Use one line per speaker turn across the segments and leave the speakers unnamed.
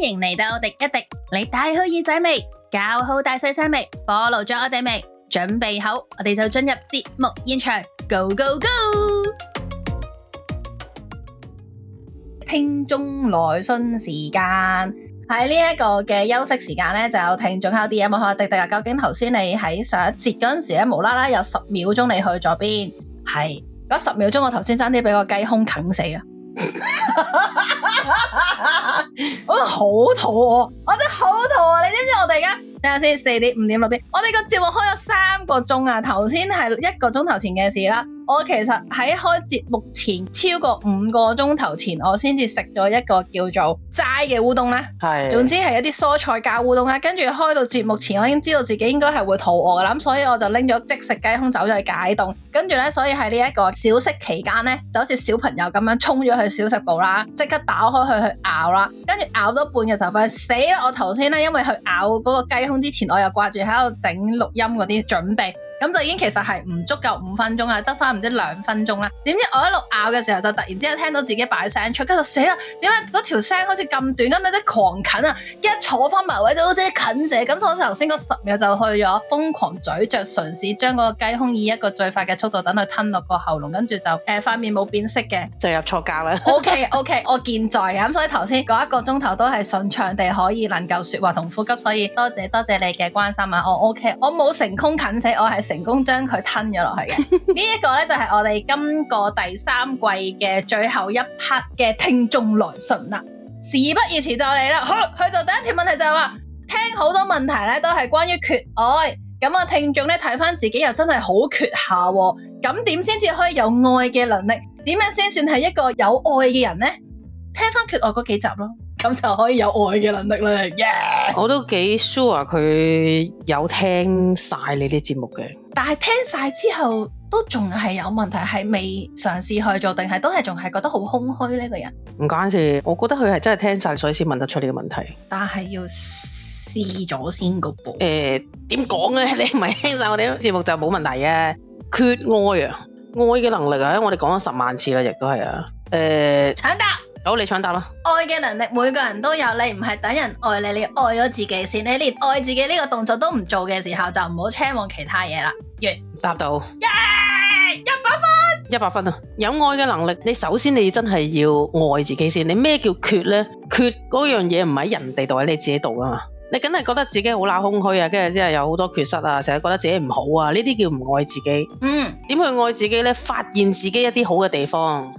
歡迎嚟到廸一廸，你帶好耳仔未？搞好大細聲未？暴露咗我哋未？準備好，我哋就進入節目現場，Go Go Go！聽眾來信時間喺呢一個嘅休息時間咧，就有聽眾有啲嘢問下廸廸啊。究竟頭先你喺上一節嗰陣時咧，無啦啦有十秒鐘你去咗邊？係嗰十秒鐘，我頭先爭啲俾個雞胸啃死啊！ 我的好肚餓，啊，我真係好肚餓，啊。你知唔知道我哋而家睇下先，四點、五點、六點，我哋個節目開咗三個鐘啊！頭先係一個鐘頭前嘅事啦。我其實喺開節目前超過五個鐘頭前，我先至食咗一個叫做齋嘅烏冬咧。係的，總之係一啲蔬菜加烏冬啦。跟住開到節目前，我已經知道自己應該係會肚餓噶啦。咁所以我就拎咗即食雞胸走咗去解凍。跟住咧，所以喺呢一個小息期間咧，就好似小朋友咁樣衝咗去小食部啦，即刻打開佢去，去咬啦。跟住咬到半嘅時候，快死啦！我頭先咧，因為去咬嗰個雞胸之前，我又掛住喺度整錄音嗰啲準備。咁就已經其實係唔足夠五分鐘啦，得翻唔知兩分鐘啦。點知我一路咬嘅時候，就突然之間聽到自己擺聲出，跟住死啦！點解嗰條聲好似咁短？咁有冇狂啃啊？在坐在一坐翻埋位就好似啃死，咁好似頭先嗰十秒就去咗，瘋狂咀嚼唇，嘗試將嗰個雞胸以一個最快嘅速度等佢吞落個喉嚨，跟住就誒塊面冇變色嘅，就入錯格啦。O K O K，我健在嘅，咁、嗯、所以頭先嗰一個鐘頭都係順暢地可以能夠説話同呼吸，所以多謝多謝你嘅關心啊。我 O、okay, K，我冇成功啃死，我係。成功將佢吞咗落去嘅呢一個咧，就係我哋今個第三季嘅最後一 part 嘅聽眾來信啦。事不宜遲就，就嚟啦。好，佢就第一條問題就係話，聽好多問題咧都係關於缺愛，咁啊聽眾咧睇翻自己又真係好缺下，咁點先至可以有愛嘅能力？點樣先算係一個有愛嘅人呢？聽翻缺愛嗰幾集咯，咁就可以有愛嘅能力啦。Yeah!
我都幾 sure 佢有聽晒你啲節目嘅。
但係聽晒之後都仲係有問題，係未嘗試去做，定係都係仲係覺得好空虛呢個人？
唔關事，我覺得佢係真係聽晒，所以先問得出呢個問題。
但係要試咗先噶噃。誒、欸，點講咧？你唔係
聽晒我哋呢個節目就冇問題嘅？缺愛啊，愛嘅能力啊，我哋講咗十萬次啦，亦都係啊。誒、欸，
搶答。好，你搶答啦！愛嘅能力每個人都有，你唔係等人愛你，你愛咗自己先。你連愛自己呢個動作都唔做嘅時候，就唔好奢望其他嘢啦。答
到，yeah！一百分，一百分啊！有愛嘅能力，你首先你真係要愛自己先。你咩叫缺呢？缺嗰樣嘢唔喺人哋度，喺你自己度啊嘛！你梗係覺得自己好乸空虛啊，跟住之後有好多缺失啊，成日覺得自己唔好啊，呢啲叫唔愛自己。嗯，點去愛自己呢？發現自己一啲好嘅地方。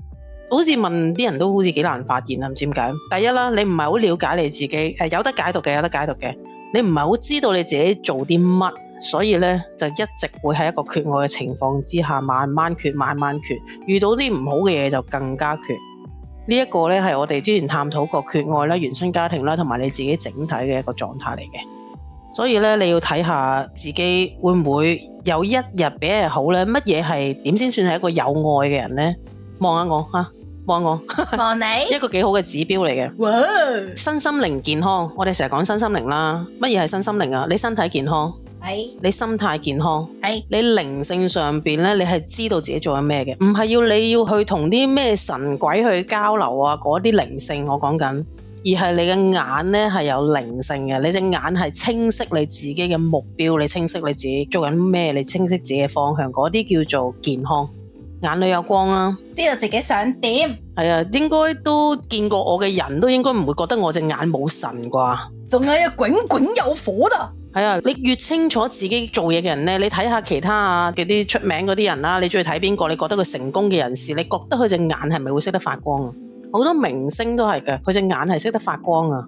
好似問啲人都好似幾難發現啊，唔知點解。第一啦，你唔係好了解你自己，誒有得解讀嘅，有得解讀嘅。你唔係好知道你自己做啲乜，所以咧就一直會喺一個缺愛嘅情況之下，慢慢缺，慢慢缺。遇到啲唔好嘅嘢就更加缺。這個、呢一個咧係我哋之前探討過缺愛啦、原生家庭啦，同埋你自己整體嘅一個狀態嚟嘅。所以咧你要睇下自己會唔會有一日比一日好咧？乜嘢係點先算係一個有愛嘅人咧？望下我吓！望幫我，望你，一個幾好嘅指標嚟嘅。哇，身心靈健康，我哋成日講身心靈啦。乜嘢係身心靈啊？你身體健康，是你心態健康，是你靈性上面咧，你係知道自己做緊咩嘅，唔係要你要去同啲咩神鬼去交流啊？嗰啲靈性我講緊，而係你嘅眼咧係有靈性嘅，你隻眼係清晰你自己嘅目標，你清晰你自己做緊咩，你清晰自己嘅方向，嗰啲叫做健康。眼裏有光啊，
知道自己想點。
係啊，應該都見過我嘅人都應該唔會覺得我隻眼冇神啩。
仲要滾
滾有火啦。係啊，你越清楚自己做嘢嘅人咧，你睇下其他嗰啲出名嗰啲人啦，你中意睇邊個？你覺得佢成功嘅人士，你覺得佢隻眼係咪會識得發光啊？好多明星都係嘅，佢隻眼係識得發光啊。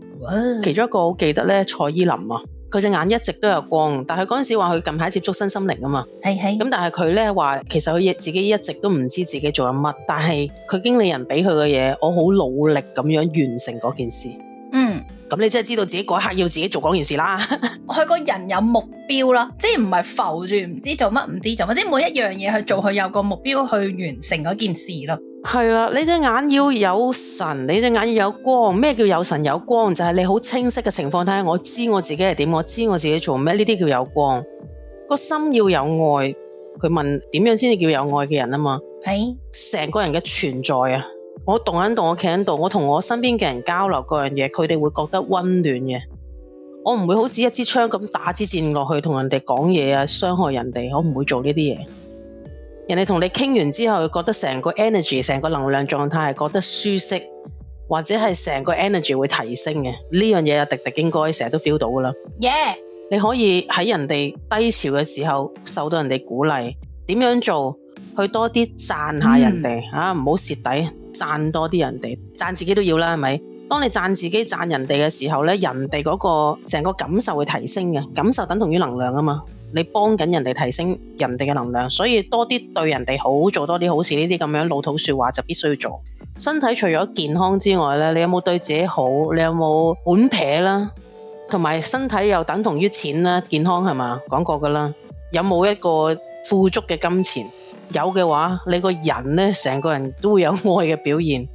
其中一個我記得咧，蔡依林啊。佢隻眼一直都有光，但係嗰陣時話佢近排接觸身心靈啊嘛，係係是。咁但係佢咧話，其實佢亦自己一直都唔知自己做緊乜，但係佢經理人俾佢嘅嘢，我好努力咁樣完成嗰件事。嗯，咁你即係知道自己嗰、嗯、一刻要自己做嗰件事啦。
佢 個人有目標啦，即係唔係浮住唔知做乜唔知做，或者每一樣嘢去做，佢有個目標去完成嗰件事咯。係啦，你隻眼要
有神，你隻眼要有光。咩叫有神有光？就係你好清晰嘅情況，睇下我知我自己係點，我知我自己做咩。呢啲叫有光。個心要有愛。佢問點樣先至叫有愛嘅人啊？嘛係成個人嘅存在啊！我動喺度，我企喺度，我同我身邊嘅人交流各樣嘢，佢哋會覺得溫暖嘅。我唔會好似一支槍咁打支箭落去同人哋講嘢啊，傷害人哋。我唔會做呢啲嘢。人哋同你傾完之後，覺得成個 energy、成個能量狀態係覺得舒適，或者係成個 energy 會提升嘅。呢樣嘢又迪迪應該成日都 feel 到噶啦。耶！Yeah. 你可以喺人哋低潮嘅時候，受到人哋鼓勵，點樣做去多啲讚下人哋、嗯、啊？唔好蝕底，讚多啲人哋，讚自己都要啦，係咪？當你讚自己、讚人哋嘅時候咧，人哋嗰個成個感受會提升嘅，感受等同於能量啊嘛。你幫緊人哋提升人哋嘅能量，所以多啲對人哋好，做多啲好事，呢啲咁樣老土說話就必須要做。身體除咗健康之外咧，你有冇對自己好？你有冇碗撇啦？同埋身體又等同於錢啦，健康係嘛講過噶啦。有冇一個富足嘅金錢？有嘅話，你個人呢，成個人都會有愛嘅表現。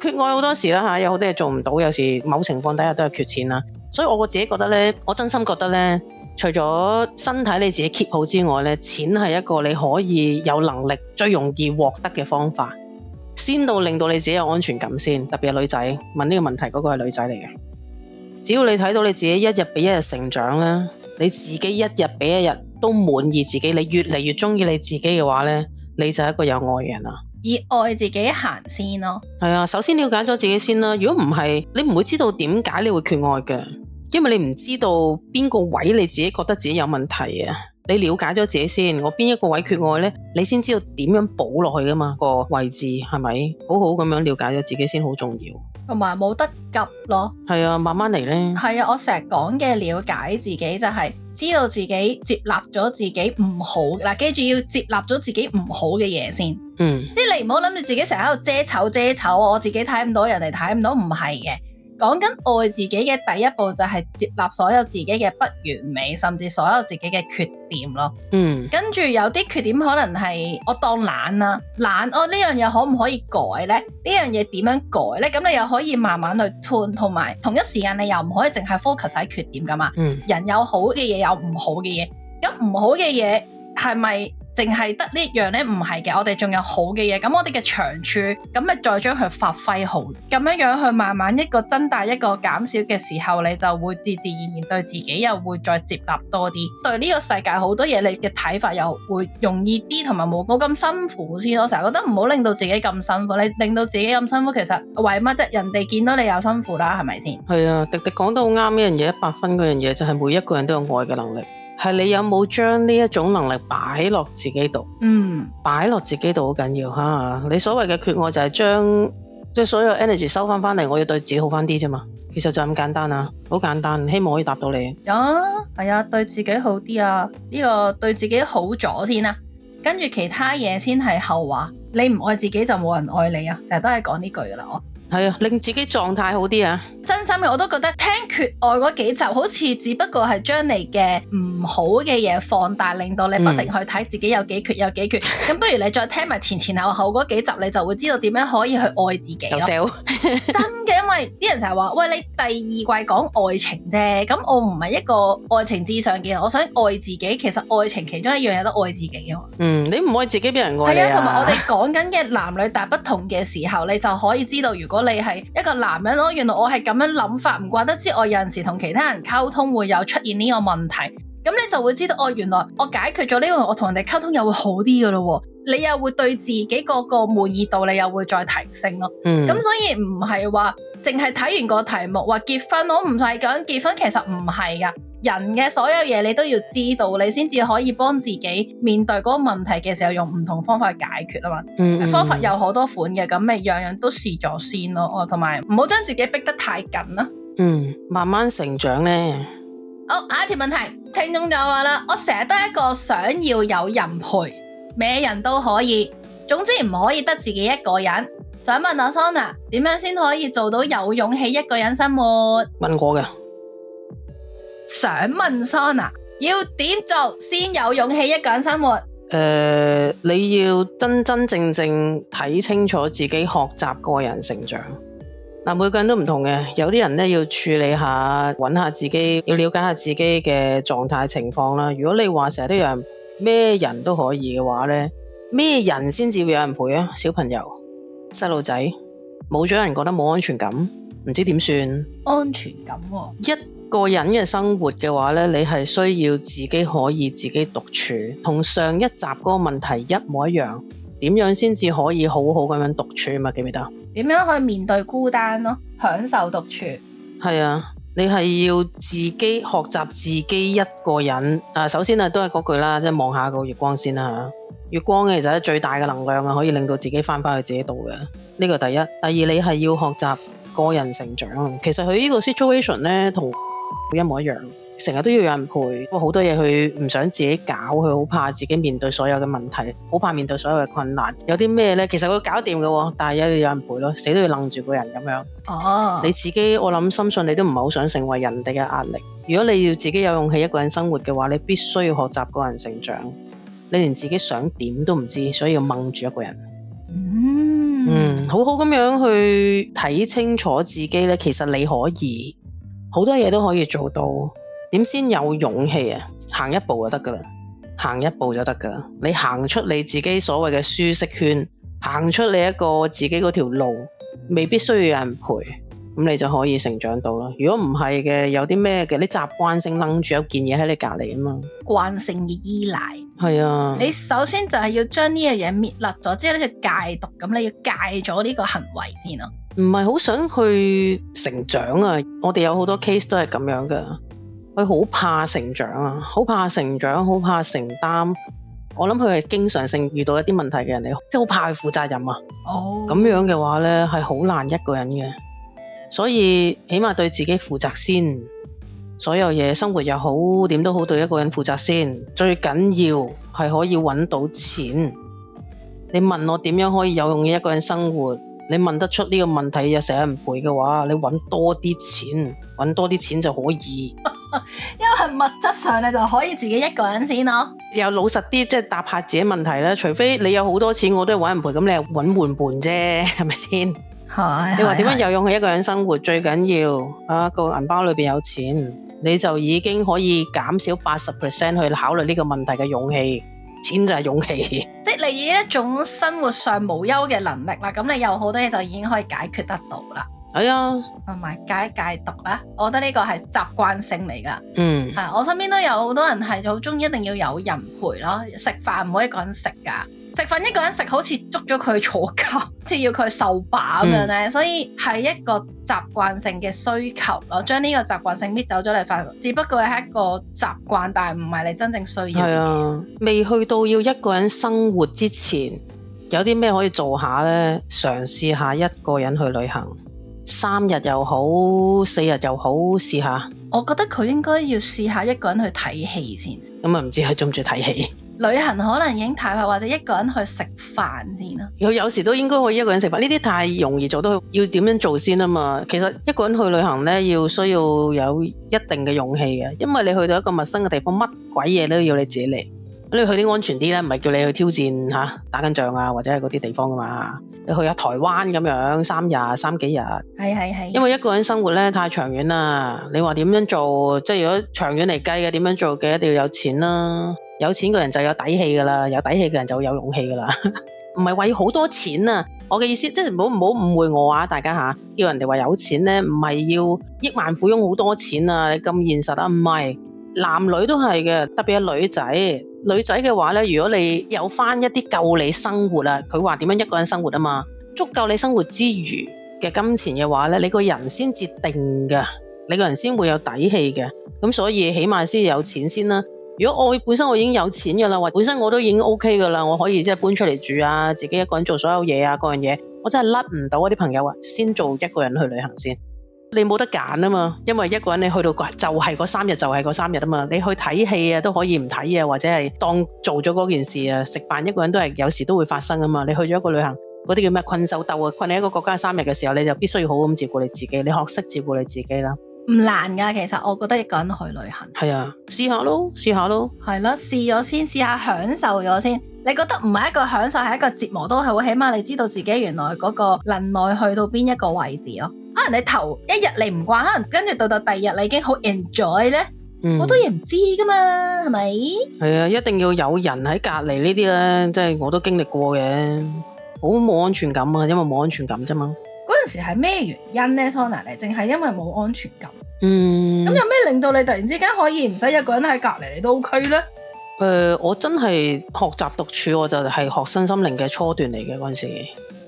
缺愛好多時啦吓、啊，有好多嘢做唔到，有時某情況底下都係缺錢啦。所以我我自己覺得呢，我真心覺得呢。除咗身體你自己 keep 好之外咧，錢係一個你可以有能力最容易獲得嘅方法，先到令到你自己有安全感先。特別係女仔問呢個問題，嗰個係女仔嚟嘅。只要你睇到你自己一日比一日成長啦，你自己一日比一日都滿意自己，你越嚟越中意你自己嘅話咧，你就係一個有愛嘅人啦。
以愛自己行先咯。
係啊，首先了解咗自己先啦。如果唔係，你唔會知道點解你會缺愛嘅。因為你唔知道邊個位你自己覺得自己有問題啊，你了解咗自己先，我邊一個位缺愛呢？你先知道點樣補落去噶嘛，個位置係咪？好好咁樣了解咗自己先好重要，
同埋冇得急咯，
係啊，慢慢嚟咧。
係啊，我成日講嘅了解自己就係知道自己接納咗自己唔好，嗱、啊，記住要接納咗自己唔好嘅嘢先。嗯，即你唔好諗住自己成日喺度遮醜遮醜，我自己睇唔到，人哋睇唔到，唔係嘅。講緊愛自己嘅第一步就係接納所有自己嘅不完美，甚至所有自己嘅缺點咯。嗯，跟住有啲缺點可能係我當懶啦、啊，懶哦呢樣嘢可唔可以改咧？呢樣嘢點樣改咧？咁你又可以慢慢去 turn，同埋同一時間你又唔可以淨係 focus 喺缺點噶嘛？嗯，人有好嘅嘢，有唔好嘅嘢，咁唔好嘅嘢係咪？淨係得呢樣呢，唔係嘅，我哋仲有好嘅嘢，咁我哋嘅長處，咁咪再將佢發揮好，咁樣樣去慢慢一個增大一個減少嘅時候，你就會自自然然對自己又會再接納多啲，對呢個世界好多嘢你嘅睇法又會容易啲，同埋冇咁咁辛苦先。我成日覺得唔好令到自己咁辛苦，你令到自己咁辛苦，其實為乜啫？人哋見到你又辛苦啦，係咪先？
係啊，廸廸講到啱呢樣嘢一百分嗰樣嘢，就係、是、每一個人都有愛嘅能力。.係你有冇將呢一種能力擺落自己度？嗯，擺落自己度好緊要吓。你所謂嘅缺愛就係將、即係、所有 energy 收翻翻嚟，我要對自己好翻啲啫嘛。其實就咁簡單啊，好簡單。希望可以答到你。
有係啊，啊，對自己好啲啊，呢、這個對自己好咗先啊。跟住其他嘢先係後話。你唔愛自己就冇人愛你啊，成日都係講呢句㗎喇，我。
係啊， 令自己狀態好啲啊！
真心嘅我都覺得聽缺愛嗰幾集，好似只不過係將你嘅唔好嘅嘢放大，令到你不停去睇自己有幾缺有幾缺。咁 不如你再聽埋前前後後嗰幾集，你就會知道點樣可以去愛自己咯。 真嘅，因為啲人成日話，喂，你第二季講愛情啫，咁我唔係一個愛情至上嘅人，我想愛自己。其實愛情其中一樣嘢都愛自己啊嘛。嗯
你唔愛自己，俾人愛啊，啊？係啊，同埋我哋
講緊嘅男女大不同嘅時候，你就可以知道如果。你係一個男人咯，原來我係咁樣諗法，唔怪得之外，有陣時同其他人溝通會有出現呢個問題，咁你就會知道哦，原來我解決咗呢個，我同人哋溝通又會好啲噶咯，你又會對自己個個滿意度，你又會再提升咯。嗯，咁所以唔係話淨係睇完個題目話結婚，我唔係講結婚，其實唔係噶。.人嘅所有嘢你都要知道，你先至可以幫自己面對嗰個問題嘅時候用唔同方法去解決啊嘛。嗯嗯嗯嗯，方法有好多款嘅，咁咪樣樣樣都試咗先咯。哦，同埋唔好將自己逼得太緊咯，嗯，
慢慢成長咧。
好，oh, 啊，下一條問題，聽眾就話啦，我成日都係一個想要有人陪，咩人都可以，總之唔可以得自己一個人。想問阿 Sona 點樣先可以做到有勇氣一個人生活？問我嘅。想問 sona 啊，要點做先有勇氣一個人生活？
誒、呃，你要真真正正睇清楚自己，學習個人成長。嗱、呃，每個人都唔同嘅，有啲人咧要處理下，揾下自己，要了解下自己嘅狀態情況啦。如果你話成日都有人，咩人都可以嘅話咧，咩人先至會有人陪啊？小朋友、細路仔，冇咗人覺得冇安全感，唔知點算？
安全感、哦、
一。個人嘅生活嘅話呢，你係需要自己可以自己獨處，同上一集嗰個問題一模一樣。點樣先至可以好好咁樣獨處啊？記唔記得？
點樣去面對孤單咯？享受獨處。
係啊，你係要自己學習自己一個人啊。首先啊，都係嗰句啦，即係望下個月光先啦、啊、月光其實係最大嘅能量啊，可以令到自己翻返去自己度嘅。呢個第一。第二，你係要學習個人成長。其實佢呢個 situation 咧，同。一模一樣，成日都要有人陪。我好多嘢，佢唔想自己搞，佢好怕自己面對所有嘅問題，好怕面對所有嘅困難。有啲咩呢？其實佢搞掂嘅，但係要有人陪咯，死都要楞住個人咁樣。哦、啊，你自己，我諗深信你都唔係好想成為人哋嘅壓力。如果你要自己有勇氣一個人生活嘅話，你必須要學習個人成長。你連自己想點都唔知，所以要掹住一個人。嗯，嗯，好好咁樣去睇清楚自己呢。其實你可以。好多嘢都可以做到，點先有勇氣啊？行一步就得噶啦，行一步就得噶啦。你行出你自己所謂嘅舒適圈，行出你一個自己嗰條路，未必需要有人陪，咁你就可以成長到咯。如果唔係嘅，有啲咩嘅，你習慣性擸住一件嘢喺你隔離啊嘛，
慣性嘅依賴。
係啊，你
首先就係要將呢樣嘢搣甩咗，之後呢就戒毒，咁你要戒咗呢個行為先咯。
唔係好想去成長啊！我哋有好多 case 都係咁樣嘅。佢好怕成長啊，好怕成長，好怕承擔。我諗佢係經常性遇到一啲問題嘅人嚟，即係好怕負責任啊。哦，咁樣嘅話呢，係好難一個人嘅。所以起碼對自己負責先，所有嘢生活又好，點都好，對一個人負責先。最緊要係可以揾到錢。你問我點樣可以有用一個人生活？你問得出呢個問題又成日唔賠嘅話，你搵多啲錢，搵多啲錢就可以。
因為係物質上你就可以自己一個人先咯。
有老實啲，即係答下自己問題啦。除非你有好多錢，我都係搵人賠。咁你係搵伴伴啫，係咪先？
你話點樣
有勇氣一個人生活？ 最緊要啊個銀包裏邊有錢，你就已經可以減少八十 percent 去考慮呢個問題嘅勇氣。錢就係勇氣，即
係你以一種生活上無憂嘅能力啦，咁你有好多嘢就已經可以解決得到啦。係啊、哎呀，同埋戒一戒毒啦，我覺得呢個係習慣性嚟噶。嗯，係，我身邊都有好多人係好中意一定要有人陪咯，食飯唔可以一個人食噶。食飯一個人食好似捉咗佢坐監，即係要佢受把咁樣咧，嗯、所以係一個習慣性嘅需求咯。將呢個習慣性搣走咗嚟，發只不過係一個習慣，但係唔係你真正需要嘅、啊。
未去到要一個人生活之前，有啲咩可以做下咧？嘗試下一個人去旅行，三日又好，四日又好，試下。
我覺得佢應該要試下一個人去睇戲先。
咁啊、嗯，唔知佢中唔中意睇戲？
旅行可能已經太快，或者一個人去食飯先咯。
佢有時都應該可以一個人食飯。呢啲太容易做到，要點樣做先啊嘛？其實一個人去旅行咧，要需要有一定嘅勇氣嘅，因為你去到一個陌生嘅地方，乜鬼嘢都要你自己嚟。你去啲安全啲咧，唔係叫你去挑戰嚇、啊、打緊仗啊，或者係嗰啲地方噶嘛。你去下台灣咁樣三日三幾日？
係係係。因為一個
人生活咧太長遠啦，你話點樣做？即係如果長遠嚟計嘅點樣做嘅，一定要有錢啦、啊。有錢個人就有底氣噶啦，有底氣嘅人就有勇氣噶啦。唔 係話要好多錢啊！我嘅意思即係唔好唔好誤會我啊！大家吓、啊、叫人哋話有錢咧，唔係要億萬富翁好多錢啊！你咁現實啊，唔係男女都係嘅，特別係女仔。女仔嘅話咧，如果你有翻一啲夠你生活啊，佢話點樣一個人生活啊嘛，足夠你生活之餘嘅金錢嘅話咧，你個人先至定噶，你個人先會有底氣嘅。咁所以起碼先有錢先啦、啊。如果我本身我已經有錢嘅啦，或本身我都已經 O K 嘅啦，我可以即係搬出嚟住啊，自己一個人做所有嘢啊，各樣嘢，我真係甩唔到我啲朋友啊，先做一個人去旅行先，你冇得揀啊嘛。因為一個人你去到就係嗰三日，就係、是、嗰三日啊嘛，你去睇戲啊都可以唔睇啊，或者係當做咗嗰件事啊，食飯一個人都係有時都會發生啊嘛。你去咗一個旅行，嗰啲叫咩困獸鬥啊，困喺一個國家三日嘅時候，你就必須要好咁照顧你自己，你學識照顧你自己啦。
唔難噶，其實我覺得一個人去旅行係啊，試下咯，試下咯，係咯、啊，試咗先，試下享受咗先。你覺得唔係一個享受，係一個折磨都好，起碼你知道自己原來嗰個能耐去到邊一個位置咯。可能你頭一日你唔慣，可能跟住到到第二日你已經好 enjoy 咧。好、嗯、多嘢唔知噶嘛，係咪？
係啊，一定要有人喺隔籬呢啲咧，即係我都經歷過嘅，好冇安全感啊，因為冇安全感啫嘛。
嗰時係咩原因呢？Sona 嚟，淨係因為冇安全感。
嗯，咁有
咩令到你突然之間可以唔使一個人喺隔籬你都 O K 咧？
佢、呃、我真係學習獨處，我就係學身心靈嘅初段嚟嘅嗰陣時。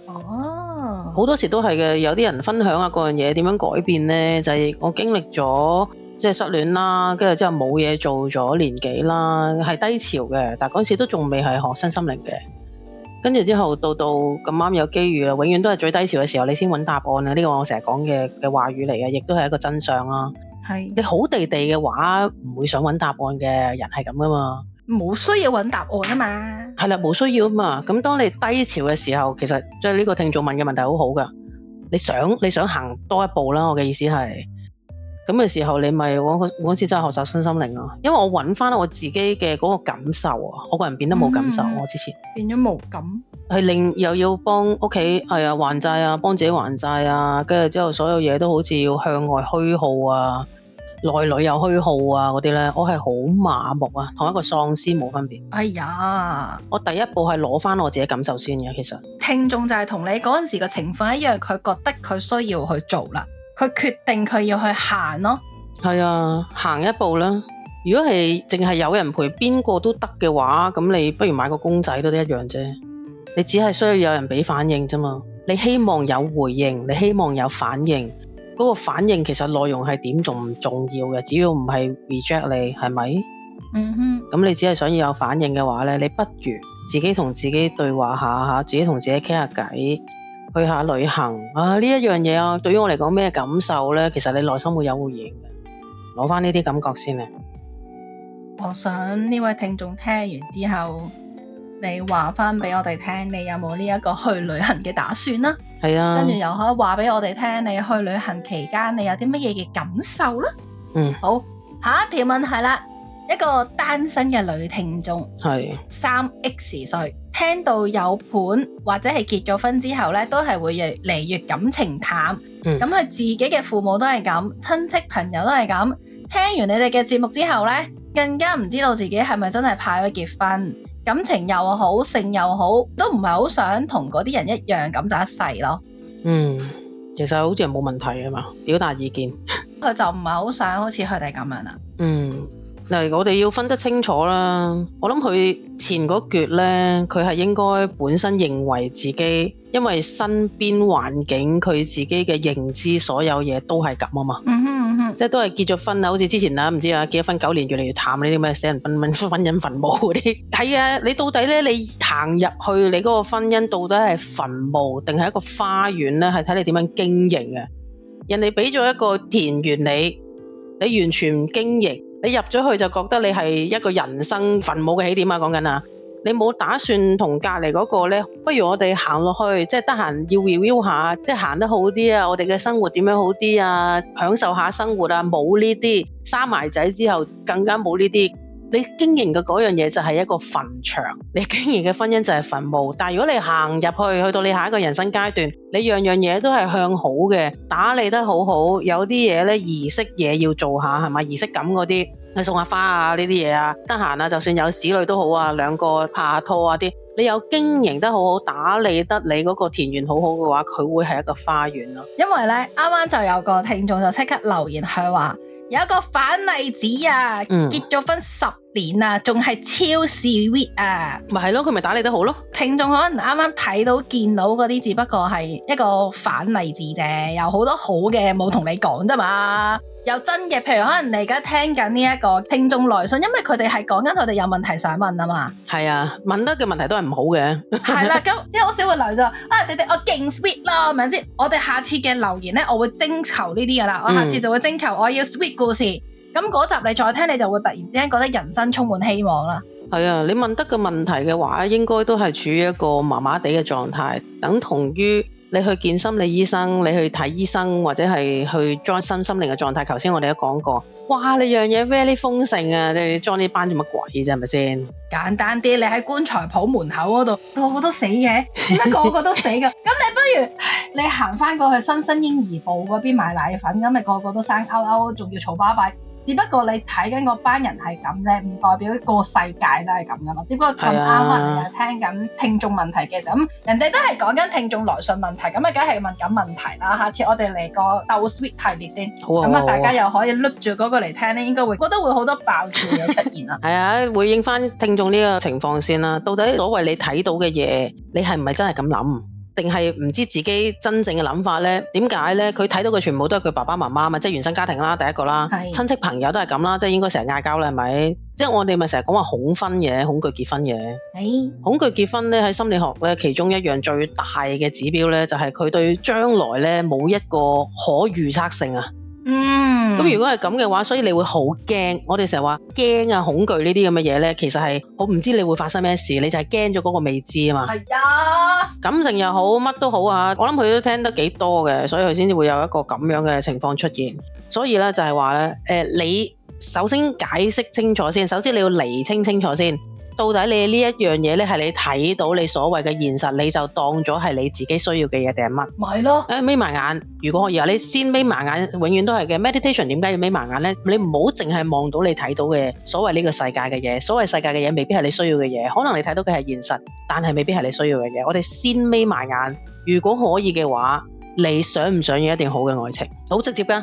哦、
啊，好多時都係嘅，有啲人分享下嗰樣嘢點樣改變呢？就係、是、我經歷咗即係失戀啦，跟住之後冇嘢做咗年幾啦，係低潮嘅，但係嗰時都仲未係學身心靈嘅。跟住之後到到咁啱有機遇啦，永遠都係最低潮嘅時候你先揾答案啊！呢個我成日講嘅嘅話語嚟嘅，亦都係一個真相啊！
係是你
好地地嘅話，唔會想揾答案嘅人係咁噶嘛，
冇需要揾答案啊嘛，
係啦，冇需要啊嘛。咁當你低潮嘅時候，其實即係呢個聽眾問嘅問題好好噶，你想你想行多一步啦，我嘅意思係。咁嘅時候，你咪我嗰我嗰時真係學習身心靈啊！因為我揾翻我自己嘅嗰個感受啊，我個人變得冇感受，嗯、我之前
變咗冇感，
係令又要幫屋企係啊還債啊，幫自己還債啊，跟住之後所有嘢都好似要向外虛耗啊，內裡又虛耗啊嗰啲呢。我係好麻木啊，同一個喪屍冇分別。
哎呀！
我第一步係攞翻我自己感受先嘅，其實
聽眾就係同你嗰陣時嘅情況一樣，佢覺得佢需要去做啦。佢決定佢要去行咯，
係啊，行一步啦。如果係淨係有人陪，邊個都得嘅話，咁你不如買個公仔都一樣啫。你只係需要有人俾反應啫嘛。你希望有回應，你希望有反應，嗰個反應其實內容係點仲唔重要嘅，只要唔係 reject 你，係咪？嗯哼。咁你只係想要有反應嘅話咧，你不如自己同自己對話下吓，自己同自己傾下偈。去下旅行啊！呢一樣嘢啊，對於我嚟講咩感受呢？其實你內心會有回應嘅。攞翻呢啲感覺先啊！
我想呢位聽眾聽完之後，你話翻俾我哋聽，你有冇呢一個去旅行嘅打算啦？
係啊，跟住又
可以話俾我哋聽，你去旅行期間你有啲乜嘢嘅感受啦？嗯，好，下一條問題啦。一個單身嘅女聽眾，係三的 X 歲，聽到有伴或者係結咗婚之後呢，都係會越嚟越感情淡。咁佢、嗯、自己嘅父母都係咁，親戚朋友都係咁。聽完你哋嘅節目之後呢，更加唔知道自己係咪真係怕咗結婚，感情又好，性又好，都唔係好想同嗰啲人一樣咁就一世咯。嗯，
其實好似冇問題啊嘛，表達意見，
佢 就唔係好想好似佢哋咁樣啦。嗯。
嗱，我哋要分得清楚啦。我諗佢前嗰橛呢，佢係應該本身認為自己，因為身邊環境，佢自己嘅認知，所有嘢都係咁啊嘛。嗯哼嗯哼，即係都係結咗婚啊，好似之前啊，唔知啊，結咗婚九年越嚟越淡呢啲咩，死人婚姻墳墓嗰啲。係 啊，你到底呢？你行入去你嗰個婚姻，到底係墳墓定係一個花園呢？係睇你點樣經營啊。人哋俾咗一個田園你，你完全唔經營。你入咗去就覺得你係一個人生墳墓嘅起點啊！講緊啊，你冇打算同隔籬嗰個咧，不如我哋行落去，即係得閒搖搖下，即係行得好啲啊！我哋嘅生活點樣好啲啊？享受下生活啊！冇呢啲生埋仔之後，更加冇呢啲。你經營嘅嗰樣嘢就係一個墳場，你經營嘅婚姻就係墳墓。但如果你行入去，去到你下一個人生階段，你樣樣嘢都係向好嘅，打理得好好，有啲嘢呢儀式嘢要做下，係嘛？儀式感嗰啲，你送下花啊，呢啲嘢啊，得閒啊，就算有子女都好啊，兩個拍下拖啊啲，你有經營得好好，打理得你嗰個田園好好嘅話，佢會係一個花園咯，啊。
因為呢，啱啱就有個聽眾就即刻留言佢話，有一個反例子啊，結咗婚十。嗯點啊，仲係超 sweet 啊，咪係咯，佢咪打你得好咯。聽眾可能啱啱睇到見到嗰啲，只不過係一個反例子啫，有好多好嘅冇同你講啫嘛，有真嘅，譬如可能你而家聽緊呢一個聽眾來信，因為佢哋係講緊佢哋有問題想問啊嘛。
係啊，問得嘅問題都係唔好嘅、
啊。係啦，咁即係好少會留咗啊！廸廸我勁 sweet 咯，咪，唔先？我哋下次嘅留言咧，我會徵求呢啲噶啦，我下次就會徵求，我要 sweet 故事。嗯咁嗰集你再聽，你就會突然之間覺得人生充滿希望啦。
係啊，你問得嘅問題嘅話，應該都係處於一個麻麻地嘅狀態，等同於你去見心理醫生，你去睇醫生或者係去 join 身心靈嘅狀態。頭先我哋都講過，哇，你樣嘢 very 豐
盛啊，你 join 呢班做乜鬼啫？係咪先？簡單啲，你喺棺材鋪門口嗰度，個個都死嘅，而家個個都死噶，咁 你不如你行翻過去新生嬰兒部嗰邊買奶粉，咁咪個個都生勾勾，仲要嘈巴閉。只不過你睇緊嗰班人係咁啫，唔代表個世界都係咁噶嘛。只不過咁啱，我哋又聽緊聽眾問題嘅時候，咁、啊、人哋都係講緊聽眾來信問題，咁啊，梗係問緊問問題啦。下次我哋嚟個鬥 sweet 系列先，咁啊，大家又可以擸住嗰個嚟聽咧，應該會，我覺得會好多爆笑
嘅出現啦。係 啊，回應翻聽眾呢個情況先啦。到底所謂你睇到嘅嘢，你係唔係真係咁諗？定係唔知自己真正嘅諗法呢？點解呢？佢睇到嘅全部都係佢爸爸媽媽嘛，即係原生家庭啦，第一個啦，是的 親戚朋友都係咁啦，即係應該成日嗌交啦，係咪？即係我哋咪成日講話恐婚嘅，恐懼結婚嘅，是的 恐懼結婚咧喺心理學咧，其中一樣最大嘅指標咧，就係、是、佢對將來咧冇一個可預測性啊。嗯，咁如果係咁嘅話，所以你會好驚，我哋成日話驚啊恐懼呢啲咁嘅嘢呢，其實係我唔知你會發生咩事，你就係驚咗嗰個未知啊嘛。係啊呀，感情又好，乜都好吓，我諗佢都聽得幾多嘅，所以佢先至會有一個咁樣嘅情況出現。所以呢，就係話呢，誒，你首先解釋清楚先，首先你要厘清清楚先。到底你呢一樣嘢咧，係你睇到你所謂嘅現實，你就當咗係你自己需要嘅嘢定係乜？咪咯！誒的，眯埋眼。如果可以啊，你先眯埋眼，永遠都係嘅。Meditation 點解要眯埋眼咧？你唔好淨係望到你睇到嘅所謂呢個世界嘅嘢，所謂世界嘅嘢未必係你需要嘅嘢。可能你睇到嘅係現實，但係未必係你需要嘅嘢。我哋先眯埋眼。如果可以嘅話，你想唔想要一段好嘅愛情？好直接噶，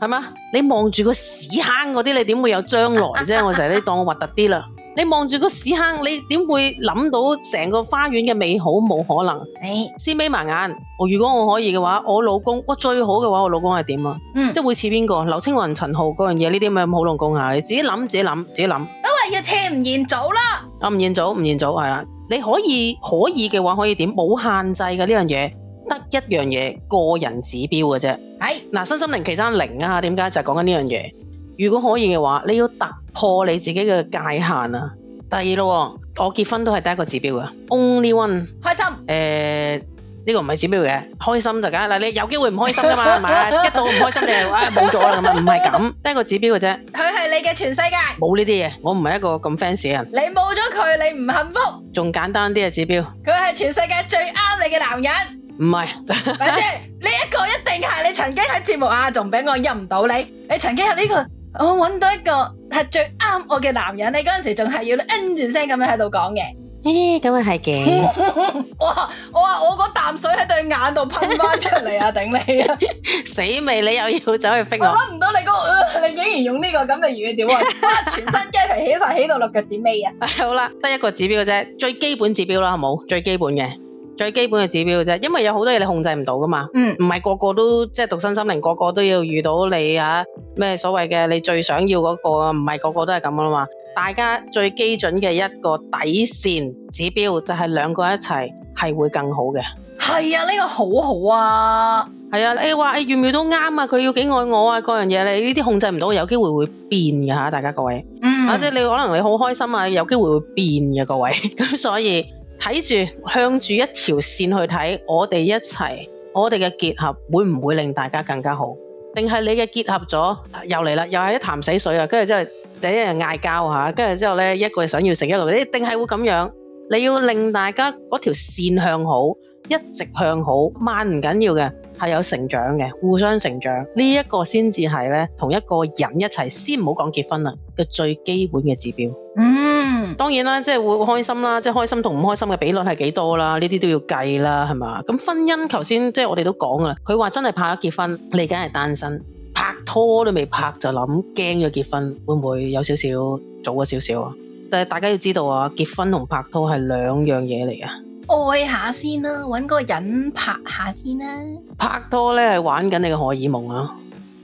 係嘛爹？你望住個屎坑嗰啲，你點會有將來啫？我成日都當我核突啲啦。你望住個屎坑，你點會諗到成個花園嘅美好？冇可能。你、哎、先眯埋眼。如果我可以嘅話，我老公，我最好嘅話，我老公係點啊？嗯，即係會似邊個？劉青雲、陳浩嗰樣嘢，呢啲咪好老公下。你自己諗，自己諗，自己諗。
己都為要切吳彥祖啦。
阿吳彥祖，吳彥祖係啦，
你可以
可以嘅話可以點？冇限制嘅呢樣嘢，得一樣嘢個人指標嘅啫。係嗱的，身、啊、心靈其中零啊，點解就係講緊呢樣嘢？如果可以嘅話，你要達。破你自己嘅界限啊！第二咯，我結婚都係得一個指標嘅。Only one，開心誒，呢個唔係指標嘅，開心就梗係啦。你有機會唔開心噶嘛？係咪？一到唔開心你啊冇咗啦嘛？唔係咁，得一個指標嘅啫。
佢係你嘅全世界。冇
呢啲嘢，我唔係一個咁 fans 嘅人。
你冇咗佢，你唔幸福。
仲簡單啲嘅指標。
佢係全世界最啱你嘅男人。唔係，反正呢一個一定係你曾經喺節目啊，仲俾我入唔到你。你曾經係呢個。我揾到一個係最啱我嘅男人，你嗰陣時仲係要恩住聲咁樣喺度講嘅，
咦、欸，咁又係嘅，
哇，哇，我嗰啖水喺對眼度噴翻出嚟啊，頂你！啊！
死未？你又要走去逼我？我諗
唔到你嗰、嗰個，呃，你竟然用呢個咁嘅語言點啊，全身雞皮起晒，起到六腳趾尾啊！ 啊好啦，
得一個指標嘅啫，最基本指標啦，好冇最基本嘅。最基本嘅指標啫，因為有好多嘢你控制唔到㗎嘛。嗯，唔係個個都即係讀身心靈，個個都要遇到你啊。咩所謂嘅你最想要嗰、那個，唔係個個都係咁㗎啦嘛。大家最基準嘅一個底線指標就係、是、兩個一齊係會更好嘅。
係啊，呢、這個好好啊。
係啊，你話、哎、遇唔遇都啱啊。佢要幾愛我啊？各樣嘢你呢啲控制唔到，有機會會變嘅嚇、啊，大家各位。嗯。或者、啊、你可能你好開心啊，有機會會變嘅各位。咁 所以。睇住向住一條線去睇，我哋一齊，我哋嘅結合會唔會令大家更加好？定係你嘅結合咗又嚟啦，又係一潭死水啊！跟住之後，第一日嗌交嚇，跟住之後，一個想要成一個是，定係會咁樣？你要令大家嗰條線向好，一直向好，慢唔緊要嘅。係有成長嘅，互相成長、這個、呢一個先至係咧，同一個人一齊先唔好講結婚啦嘅最基本嘅指標。嗯，當然啦，即係會開心啦，即係開心同唔開心嘅比率係幾多啦？呢啲都要計啦，係嘛？咁婚姻頭先即係我哋都講噶啦，佢話真係怕咗結婚，你梗係單身，拍拖都未拍就諗驚咗結婚，會唔會有少少早咗少少啊？但係大家要知道啊，結婚同拍拖係兩樣嘢嚟啊！
愛下先啦、啊，搵個人拍下先啦、
啊。拍拖咧係玩緊你嘅荷爾蒙啊！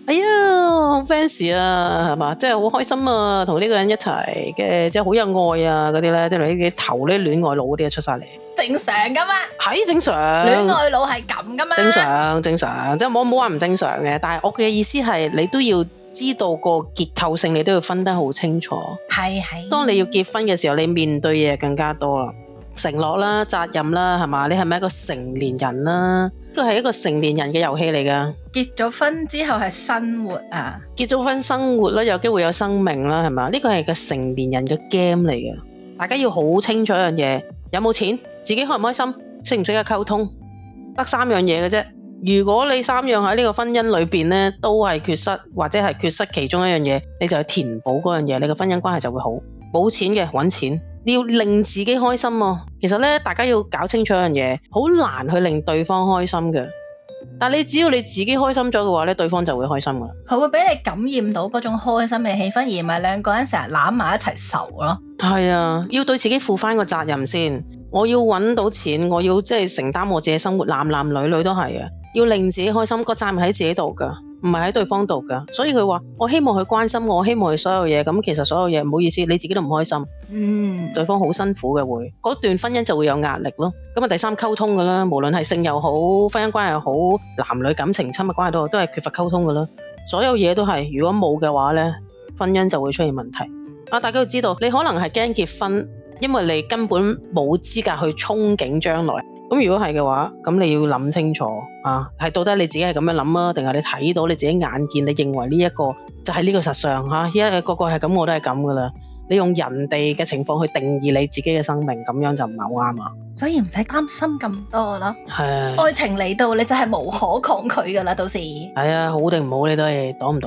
哎呀，好 fancy 啊，係嘛，真係好開心啊，同呢個人一齊嘅，即係好有愛啊，嗰啲咧，即係啲頭啲戀愛腦嗰啲啊出晒嚟。
正常噶嘛，係
正常。戀愛
腦係咁噶嘛？正常，
正常，即係冇冇話唔正常嘅。但係我嘅意思係，你都要知道個結構性，你都要分得好清楚。
係係的。當你要
結婚嘅時候，你面對嘢更加多啦。承諾啦，責任啦，係嘛？你係咪一個成年人啦？都係一個成年人嘅遊戲嚟噶。
結咗婚之後係生活啊？
結咗婚生活啦，有機會有生命啦，係嘛？呢個係個成年人嘅 game 嚟嘅。大家要好清楚一樣嘢：有冇錢，自己開唔開心，識唔識得溝通，得三樣嘢嘅啫。如果你三樣喺呢個婚姻裏邊咧都係缺失，或者係缺失其中一樣嘢，你就去填補嗰樣嘢，你嘅婚姻關係就會好。冇錢嘅揾錢。要令自己開心啊、哦！其實咧，大家要搞清楚一樣嘢，好難去令對方開心嘅。但你只要你自己開心咗嘅話咧，對方就會開心噶啦，
佢會俾你感染到嗰種開心嘅氣氛，而唔係兩個人成日攬埋一齊愁咯。
係啊，要對自己負翻個責任先。我要揾到錢，我要即係承擔我自己生活，男男女女都係啊。要令自己開心，個責任喺自己度噶。唔係喺對方度噶，所以佢話我希望佢關心我，希望佢所有嘢。咁其實所有嘢唔好意思，你自己都唔開心。嗯，對方好辛苦嘅會，嗰段婚姻就會有壓力咯。咁啊，第三溝通噶啦，無論係性又好，婚姻關係又好，男女感情、親密關係都好，都係缺乏溝通噶啦。所有嘢都係，如果冇嘅話咧，婚姻就會出現問題。啊，大家都知道，你可能係驚結婚，因為你根本冇資格去憧憬將來。咁如果係嘅話，咁你要諗清楚啊，係到底你自己係咁樣諗啊，定係你睇到你自己眼見，你認為呢一個就係呢個實相吓，而、啊、家個個係咁，我都係咁噶啦。你用人哋嘅情況去定義你自己嘅生命，咁樣就唔係好啱啊。
所以唔使擔心咁多咯。係、哎呀，愛情嚟到你就係無可抗拒噶啦，到時
係啊、哎，好定唔好你都係擋唔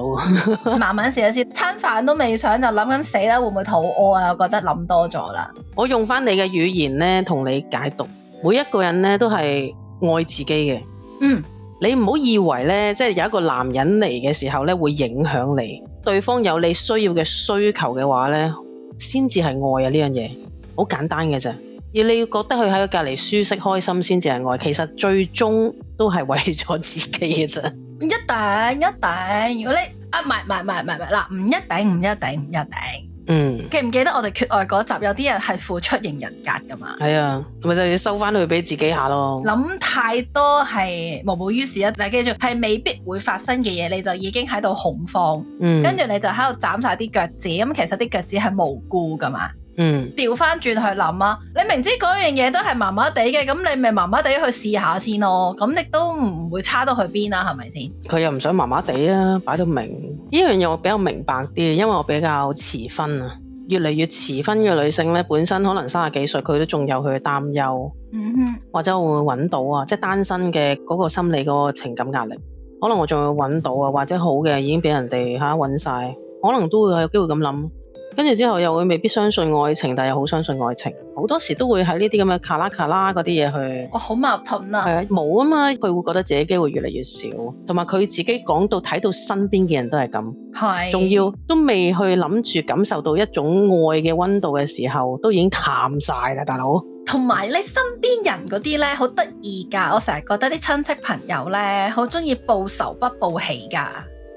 到。
慢慢試下先。餐飯都未上就諗緊死啦，會唔會肚餓啊？我覺得諗多咗啦。
我用翻你嘅語言咧，同你解讀。每一個人呢，都係愛自己嘅，嗯，你唔好以為呢，即係有一個男人嚟嘅時候呢，會影響你，對方有你需要嘅需求嘅話呢，先至係愛啊！呢樣嘢好簡單嘅啫，而你要覺得佢喺個隔籬舒適開心先至係愛，其實最終都係為咗自己嘅啫。
一定一定，如果你啊，唔係唔係唔係唔係唔一定唔一定唔一定。嗯，記唔記得我哋缺愛嗰集有啲人係付出型人格噶嘛？
係啊、哎，咪就要收翻去俾自己下咯。諗
太多係無補於事啊！嗱，記住係未必會發生嘅嘢，你就已經喺度恐慌，嗯、跟住你就喺度斬晒啲腳趾，咁其實啲腳趾係無辜噶嘛。嗯，調翻轉去諗啊！你明知嗰樣嘢都係麻麻地嘅，咁你咪麻麻地去試下先咯。咁亦都唔會差到去邊啦，係咪先？
佢又唔想麻麻地啊，擺到明呢樣嘢我比較明白啲，因為我比較遲婚啊。越嚟越遲婚嘅女性咧，本身可能三十幾歲，佢都仲有佢嘅擔憂。嗯
哼，
或者我會搵到啊，即係單身嘅嗰個心理嗰個情感壓力，可能我仲會搵到啊，或者好嘅已經俾人哋吓搵晒，可能都會有機會咁諗。跟住之後又會未必相信愛情，但又好相信愛情。好多時都會喺呢啲咁嘅卡拉卡拉嗰啲嘢去。我好、哦、矛盾啊。係啊，冇啊嘛，佢會覺得自己機會越嚟越少，同埋佢自己講到睇到身邊嘅人都係咁。係是。仲要都未去諗住感受到一種愛嘅溫度嘅時候，都已經淡曬啦，大佬。
同埋你身邊人嗰啲咧好得意㗎，我成日覺得啲親戚朋友呢，好鍾意報仇不報喜㗎。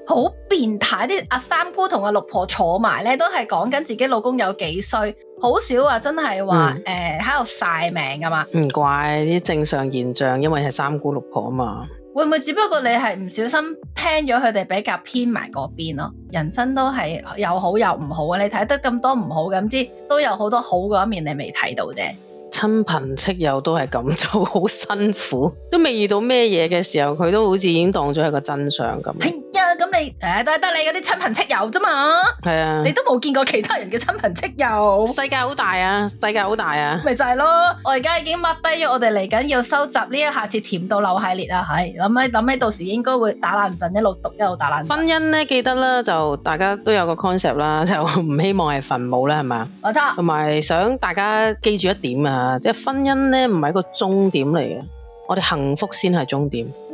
好變態，啲阿三姑同阿六婆坐埋咧，都係講緊自己老公有幾衰，好少啊！真係話誒喺度晒命㗎嘛？唔
怪啲正常現象，因為係三姑六婆啊嘛。
會唔會只不過你係唔小心聽咗佢哋比較偏埋嗰邊咯？人生都係有好有唔好嘅，你睇得咁多唔好，咁知都有好多好嗰一面你未睇到啫。
親朋戚友都係咁做，好辛苦，都未遇到咩嘢嘅時候，佢都好似已經當咗係個真
相咁。係啊，咁你誒都係得你嗰啲親朋戚友啫嘛。係啊的，你都冇見過其他人嘅親朋戚友。世界好大啊，世界好大啊。咪就係咯，我而家已經 mark 低咗，我哋嚟緊要收集呢一下次甜到漏系列啊，係諗起諗起，起到時應該會打冷震，一路讀一路打冷
震。婚姻咧，記得啦，就大家都有個 concept 啦，就唔希望係墳墓啦，係嘛？冇錯。同埋想大家記住一點啊。啊！即係婚姻咧，唔係一個終點嚟嘅，我哋幸福先係終點。
咁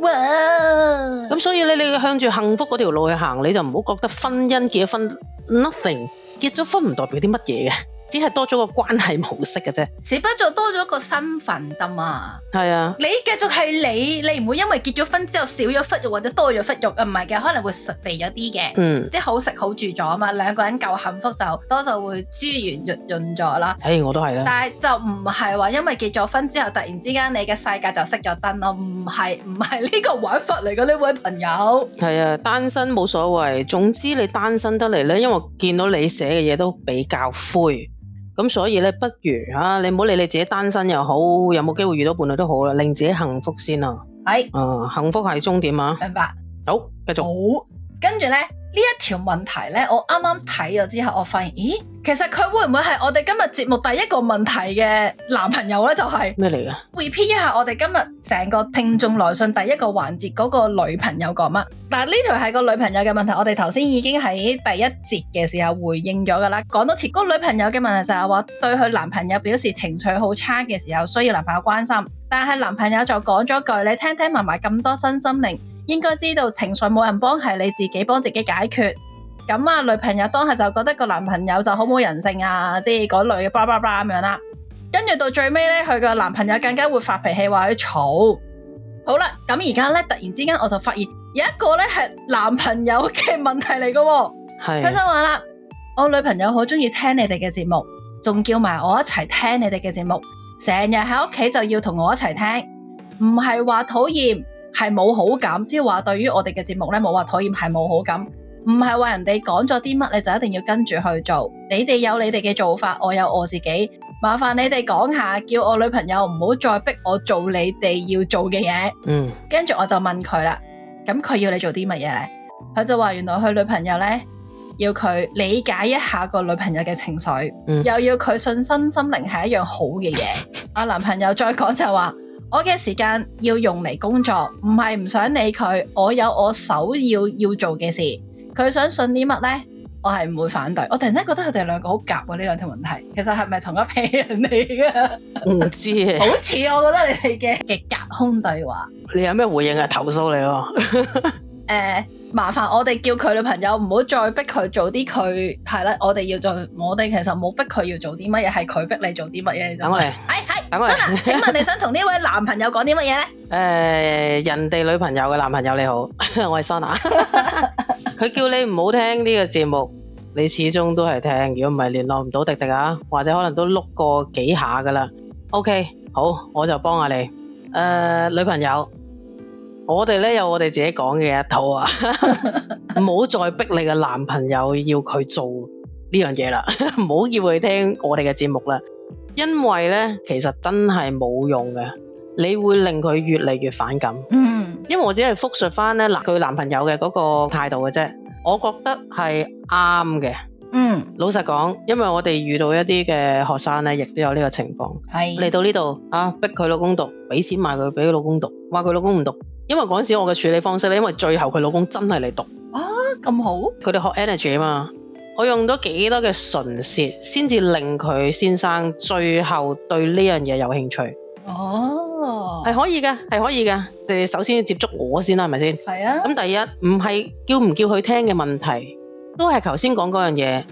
Wow. 所以你
你向住幸福嗰條路去行，你就唔好覺得婚姻結咗婚 nothing，結咗婚唔代表啲乜嘢嘅。只係多咗個關係模式嘅啫，
只不過多咗個身份啫嘛。係啊，你繼續係你，你唔會因為結咗婚之後少咗忽肉或者多咗忽肉，唔係嘅，可能會肥肥咗啲嘅。嗯，即好食好住咗啊嘛，兩個人夠幸福就多數會珠圓玉潤咗啦。誒，我都係啦。但係就唔係話因為結咗婚之後突然之間你嘅世界就熄咗燈咯。唔係，唔係呢個玩法嚟嘅。呢位朋友。
係啊，單身冇所謂。總之你單身得嚟呢，因為見到你寫嘅嘢都比較灰。咁所以咧，不如啊，你唔好理你自己單身又好，有冇機會遇到伴侶都好啦，令自己幸福先啊！
啊是、嗯，
幸福係終點啊！明白。好，繼續。好，
跟住呢。呢一條問題呢，我啱啱睇咗之後，我發現，咦，其實佢會唔會係我哋今日節目第一個問題嘅男朋友呢？就係咩嚟㗎？repeat 一下我哋今日成個聽眾來信第一個環節嗰個女朋友講乜？但呢條係個女朋友嘅問題，我哋頭先已經喺第一節嘅時候回應咗㗎喇。講到前嗰、嗰個女朋友嘅問題就係、是、話，說對佢男朋友表示情緒好差嘅時候需要男朋友關心，但係男朋友就講咗句：你聽聽埋埋咁多新心靈。應該知道情緒冇人幫，係你自己幫自己解決咁啊，女朋友當下就覺得個男朋友就好冇人性啊，即係嗰類嘅、啊，叭叭叭咁樣啦。跟住到最尾咧，佢個男朋友更加會發脾氣，話佢嘈。好啦，咁而家咧突然之間我就發現有一個咧係男朋友嘅問題嚟㗎、啊，係是，真心話啦，我女朋友好中意聽你哋嘅節目，仲叫埋我一齊聽你哋嘅節目，成日喺屋企就要同我一齊聽，唔係話討厭。係冇好感，即係話對於我哋嘅節目咧冇話討厭，係冇好感，唔係話人哋講咗啲乜你就一定要跟住去做，你哋有你哋嘅做法，我有我自己，麻煩你哋講下，叫我女朋友唔好再逼我做你哋要做嘅嘢。嗯，跟住我就問佢啦，咁佢要你做啲乜嘢咧？佢就話原來佢女朋友咧要佢理解一下個女朋友嘅情緒，嗯、又要佢信身心靈係一樣好嘅嘢。我男朋友再講就話。我嘅時間要用嚟工作，唔係唔想理佢。我有我首要要做嘅事。佢想信啲乜呢，我係唔會反對。我突然間覺得佢哋兩個好夾啊！呢兩條問題，其實係咪同一批人嚟噶？
唔知 好似
我覺得你哋嘅隔空對話。
你有咩回應啊？投訴你
哦。麻煩我哋叫佢女朋友唔好再逼佢做啲，佢係啦，我哋要做，我哋其實冇逼佢要做啲乜嘢，係佢逼你做啲乜嘢。等我嚟，係係，等我嚟。真啊，請問你想同呢位男朋友講啲乜嘢呢？
誒，人哋女朋友嘅男朋友你好，我係 Sona。佢叫你唔好聽呢個節目，你始終都係聽。如果唔係聯絡唔到廸廸啊，或者可能都碌過幾下噶啦。OK，好，我就幫下你。誒，女朋友，我哋咧有我哋自己講嘅一套啊，唔 好再逼你嘅男朋友要佢做呢樣嘢啦，唔好叫佢聽我哋嘅節目啦，因為咧其實真係冇用嘅，你會令佢越嚟越反感。嗯，因嗯，因為我只係複述翻咧，嗱佢男朋友嘅嗰個態度嘅啫，我覺得係啱嘅。
嗯，
老實講，因為我哋遇到一啲嘅學生咧，亦都有呢個情況，
嚟是到呢度
吓逼佢老公讀，俾錢買佢俾佢老公讀，話佢老公唔讀。因為嗰陣時我嘅處理方式咧，因為最後佢老公真係嚟讀
啊，咁好。
佢哋學 energy 啊嘛，我用咗幾多嘅唇舌，先至令佢先生最後對呢樣嘢有興趣。哦，係可以嘅，係可以嘅。誒，首先接觸我先啦，係咪先？係啊。咁第一唔係叫唔叫佢聽嘅問題，都係頭先講嗰樣嘢，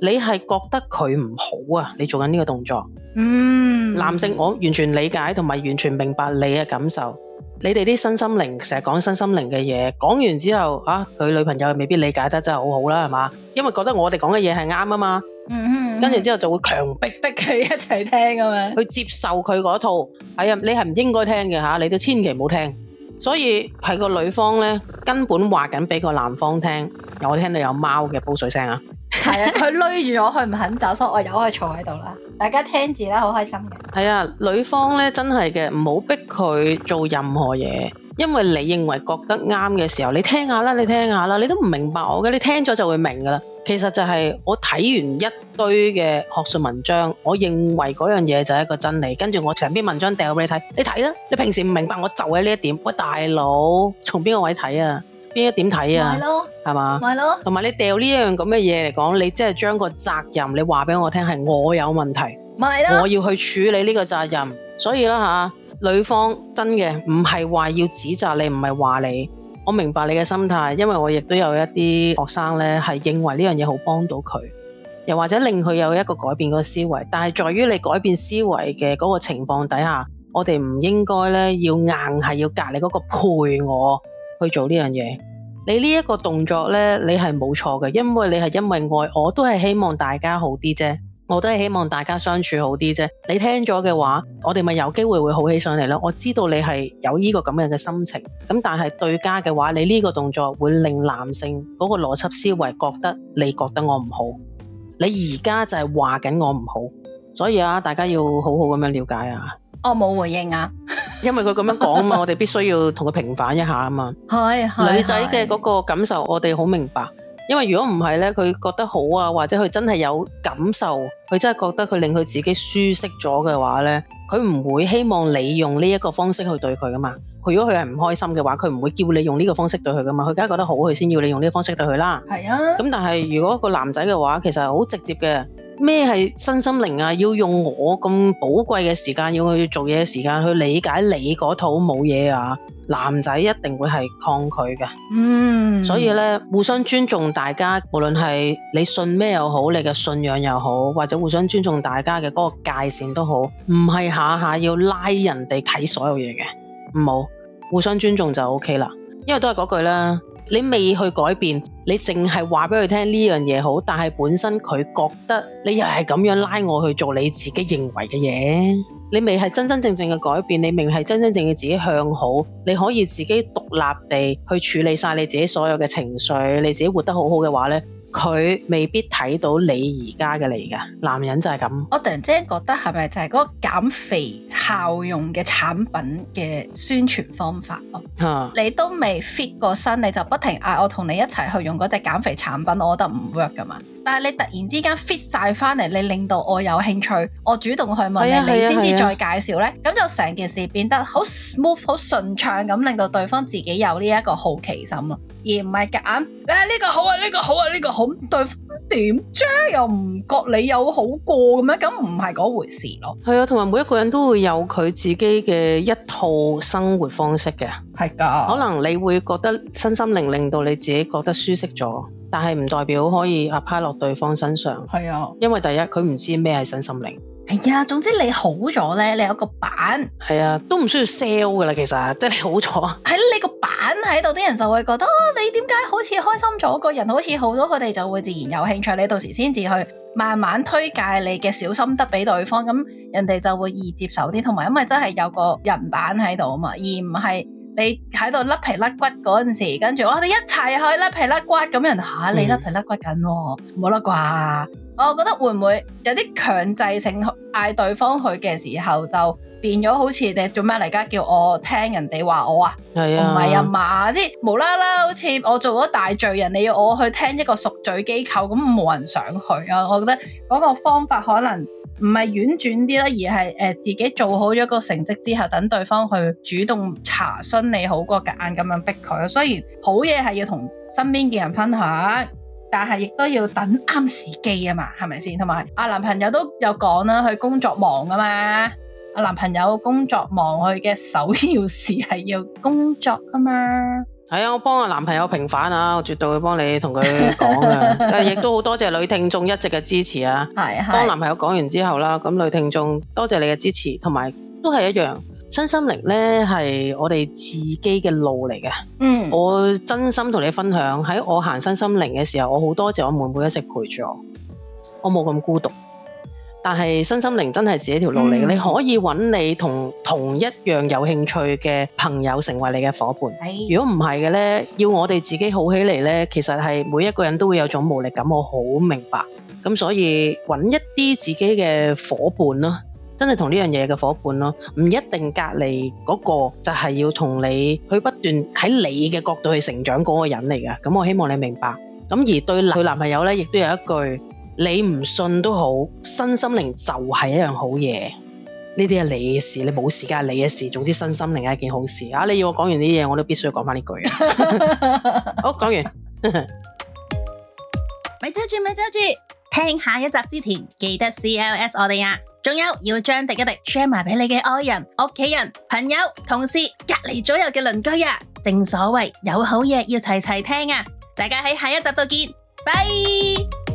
你係覺得佢唔好啊？你做緊呢個動作，嗯，
男
性我完全理解同埋完全明白你嘅感受。你哋啲身心靈成日講身心靈嘅嘢，講完之後啊，佢女朋友未必理解得真係好好啦，係嘛？因為覺得我哋講嘅嘢係啱啊嘛，嗯哼嗯哼，跟住之後就會強逼逼佢一齊聽啊嘛，去接受佢嗰套。哎，你係唔應該聽嘅，啊，你都千祈唔好聽。所以係個女方呢，根本話緊俾個男方聽。我聽到有貓嘅煲水聲啊！
係啊，佢攏住我，佢唔肯走，所以我由佢坐喺度啦。大家聽住啦，好開心嘅。
係啊，女方咧真係嘅，唔好逼佢做任何嘢，因為你認為覺得啱嘅時候，你聽下啦，你聽下啦，你都唔明白我嘅，你聽咗就會明噶啦。其實就係我睇完一堆嘅學術文章，我認為嗰樣嘢就係一個真理，跟住我成篇文章掉俾你睇，你睇啦。你平時唔明白我就喺呢一點，喂大佬，從邊個位睇啊？邊一點睇啊？係嘛？同埋吧你掉呢一樣咁嘅嘢嚟講，你即係將個責任你話俾我聽係我有問題，我要去處理呢個責任。所以啦吓、啊，女方真嘅唔係話要指責你，唔係話你，我明白你嘅心態，因為我亦都有一啲學生咧係認為呢樣嘢好幫到佢，又或者令佢有一個改變個思維。但係在於你改變思維嘅嗰個情況底下，我哋唔應該咧要硬係要隔離嗰個陪我。去做呢樣嘢，你呢一個動作呢，你係冇錯嘅，因為你係因為愛，我都係希望大家好啲啫，我都係希望大家相處好啲啫。你聽咗嘅話，我哋咪有機會會好起上嚟咯。我知道你係有呢個咁樣嘅心情，咁但係對家嘅話，你呢個動作會令男性嗰個邏輯思維覺得你覺得我唔好，你而家就係話緊我唔好，所以啊，大家要好好咁樣了解啊。
我冇回應啊，
因為佢咁樣講啊嘛， 我哋必須要同佢平反一下啊嘛。
係， 女仔嘅嗰
個感受我哋好明白，因為如果唔係咧，佢覺得好啊，或者佢真係有感受，佢真係覺得佢令佢自己舒適咗嘅話咧，佢唔會希望你用呢一個方式去對佢噶嘛。佢如果佢係唔開心嘅話，佢唔會叫你用呢個方式對佢噶嘛。佢梗係覺得好，佢先要你用呢個方式對佢啦。係是啊。咁但係如果個男仔嘅話，其實好直接嘅。咩係身心靈啊？要用我咁寶貴嘅時間，要去做嘢嘅時間去理解你嗰套冇嘢啊！男仔一定會係抗拒嘅，嗯。所以咧，互相尊重大家，無論係你信咩又好，你嘅信仰又好，或者互相尊重大家嘅嗰個界線都好，唔係下下要拉人哋睇所有嘢嘅，唔好，互相尊重就 OK 啦。因為都係嗰句啦。你未去改變，你淨係話俾佢聽呢樣嘢好，但係本身佢覺得你又係咁樣拉我去做你自己認為嘅嘢，你未係真真正正嘅改變，你明明係真真正正自己向好，你可以自己獨立地去處理晒你自己所有嘅情緒，你自己活得好好嘅話咧。佢未必睇到你而家嘅你噶，男人就係咁。
我突然之間覺得係咪就係嗰個減肥效用嘅產品嘅宣傳方法咯？吓、啊，你都未 fit 過身，你就不停嗌我同你一齊去用嗰隻減肥產品，我覺得唔 work 噶嘛。但係你突然之間 fit 晒翻嚟，你令到我有興趣，我主動去問你，你先至再介紹咧，咁就成件事變得好 smooth，好順暢咁，令到對方自己有呢一個好奇心咯。而唔係夾硬，誒、啊、呢、這個好啊，呢、這個好啊，呢、這個好、啊，對方點啫？又唔覺你有好過咁樣，咁唔係嗰回事咯。
係啊，同埋每一個人都會有佢自己嘅一套生活方式嘅。係噶的，可能你會覺得身心靈令到你自己覺得舒適咗，但係唔代表可以 apply 落對方身上。係啊的，因為第一佢唔知咩係身心靈。
係啊、哎，總之你好咗咧，你有個版。係啊，
都唔需要 sell 噶啦，其實即係你好咗
喺呢個板。 板喺度，啲人就會覺得，哦、你點解好似開心咗，個人好似好多，佢哋就會自然有興趣。你到時先至去慢慢推介你嘅小心得俾對方，咁人哋就會易接受啲。同埋因為真係有個人板喺度啊嘛，而唔係你喺度甩皮甩骨嗰陣時，跟住我哋一齊去甩皮甩骨咁樣嚇，你甩皮甩骨緊喎，冇啦啩？我覺得會唔會有啲強制性嗌對方去嘅時候就？變咗好似你做咩嚟㗎，叫我聽人哋話我啊，唔係啊嘛，即係無啦啦，好似我做咗大罪人，你要我去聽一個贖罪機構，咁冇人想去啊！我覺得嗰個方法可能唔係婉轉啲啦，而係誒自己做好咗個成績之後，等對方去主動查詢你好過夾硬咁樣逼佢。雖然好嘢係要同身邊嘅人分享，但係亦都要等啱時機啊嘛，係咪先？同埋阿男朋友都有講啦，佢工作忙啊嘛。男朋友工作忙，佢嘅首要事係要工作噶嘛？
係啊，我幫我男朋友平反啊，我絕對會幫你同佢講噶。 但亦都好多謝女聽眾一直嘅支持啊！係幫的男朋友講完之後啦，咁女聽眾多謝你嘅支持，同埋都係一樣，身心靈呢係我哋自己嘅路嚟嘅。嗯，我真心同你分享，喺我行身心靈嘅時候，我好多謝我妹妹一直陪住我，我冇咁孤獨。但係身心靈真係自己條路嚟，你可以揾你同同一樣有興趣嘅朋友成為你嘅伙伴。如果唔係嘅呢，要我哋自己好起嚟呢，其實係每一個人都會有種無力感，我好明白。咁所以揾一啲自己嘅伙伴咯，真係同呢樣嘢嘅伙伴咯，唔一定隔離嗰個就係要同你去不斷喺你嘅角度去成長嗰個人嚟㗎。咁我希望你明白。咁而對佢男朋友呢，亦都有一句。你唔信都好，身心靈就係一樣好嘢。呢啲係你嘅事，你冇時間係你嘅事。總之，身心靈係一件好事，啊、你要我講完呢啲嘢，我都必須要講翻呢句。好， 哦，講講完。
咪遮住，咪遮住，聽下一集之前記得 CLS 我哋啊。仲有要將廸一廸 share 埋俾你嘅愛人、屋企人、朋友、同事、隔籬左右嘅鄰居啊。正所謂有好嘢要齊齊聽啊！大家喺下一集度見，拜。